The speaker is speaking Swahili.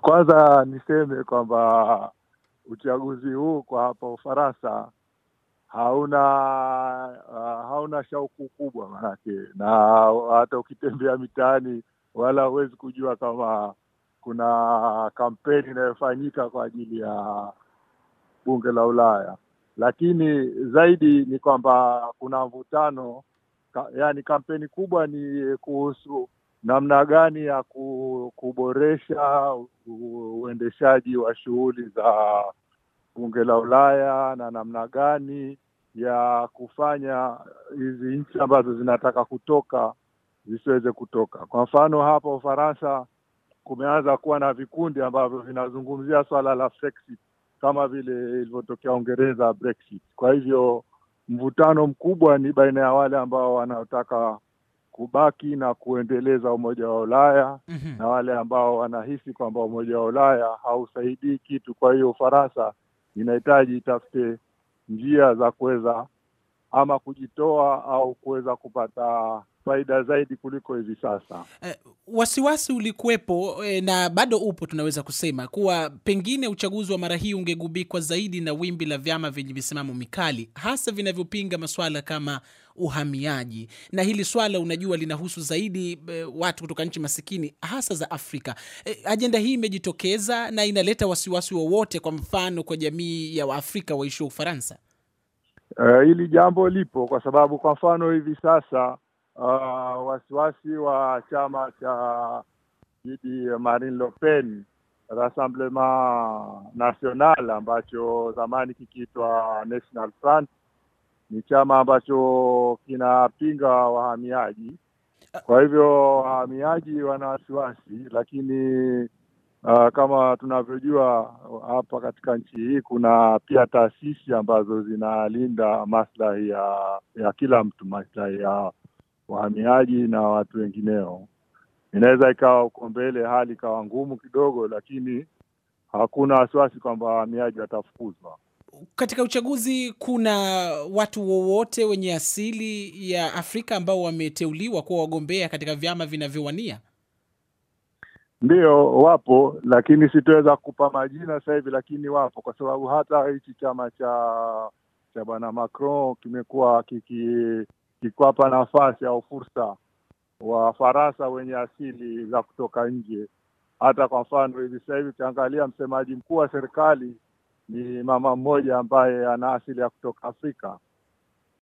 Kwanza niseme kwamba uchaguzi huu kwa hapa Ufaransa hauna uh, hauna shauku kubwa manake, na hata ukitembea mitaani wala huwezi kujua kama kuna kampeni inayofanyika kwa ajili ya bunge la Ulaya, lakini zaidi ni kwamba kuna mvutano ka, yani kampeni kubwa ni kuhusu namna gani ya ku kuboresha uendeshaji wa shughuli za bunge la Ulaya na namna gani ya kufanya hizi nchi ambazo zinataka kutoka zisiweze kutoka. Kwa mfano, hapa Ufaransa kumeanza kuwa na vikundi ambavyo vinazungumzia swala la Frexit kama vile ilivyotokea Uingereza Brexit. Kwa hivyo mvutano mkubwa ni baina ya wale ambao wanaotaka kubaki na kuendeleza umoja wa Ulaya mm -hmm. na wale ambao wanahisi kwamba umoja wa Ulaya hausaidii kitu. Kwa hiyo Ufaransa inahitaji itafute njia za kuweza ama kujitoa au kuweza kupata faida zaidi kuliko hivi sasa. Eh, wasiwasi ulikuwepo eh, na bado upo, tunaweza kusema kuwa pengine uchaguzi wa mara hii ungegubikwa zaidi na wimbi la vyama vyenye misimamo mikali, hasa vinavyopinga masuala kama uhamiaji, na hili swala unajua linahusu zaidi eh, watu kutoka nchi masikini hasa za Afrika. Eh, ajenda hii imejitokeza na inaleta wasiwasi wowote, kwa mfano kwa jamii ya Waafrika waishio Ufaransa. Eh, hili jambo lipo kwa sababu, kwa mfano hivi sasa uh, wasiwasi wa chama cha dhidi Marine Le Pen Rassemblement National ambacho zamani kikiitwa National Front ni chama ambacho kinapinga wahamiaji. Kwa hivyo wahamiaji wana wasiwasi, lakini uh, kama tunavyojua hapa katika nchi hii kuna pia taasisi ambazo zinalinda maslahi ya ya kila mtu, maslahi ya wahamiaji na watu wengineo. Inaweza ikawa huko mbele hali ikawa ngumu kidogo, lakini hakuna wasiwasi kwamba wahamiaji watafukuzwa. Katika uchaguzi kuna watu wowote wenye asili ya Afrika ambao wameteuliwa kuwa wagombea katika vyama vinavyowania? ndio wapo, lakini sitaweza kupa majina sasa hivi, lakini wapo, kwa sababu hata hichi chama cha cha bwana Macron kimekuwa kiki ikiwapa nafasi au fursa wa farasa wenye asili za kutoka nje. Hata kwa mfano hivi sasa hivi ukiangalia msemaji mkuu wa serikali ni mama mmoja ambaye ana asili ya kutoka Afrika.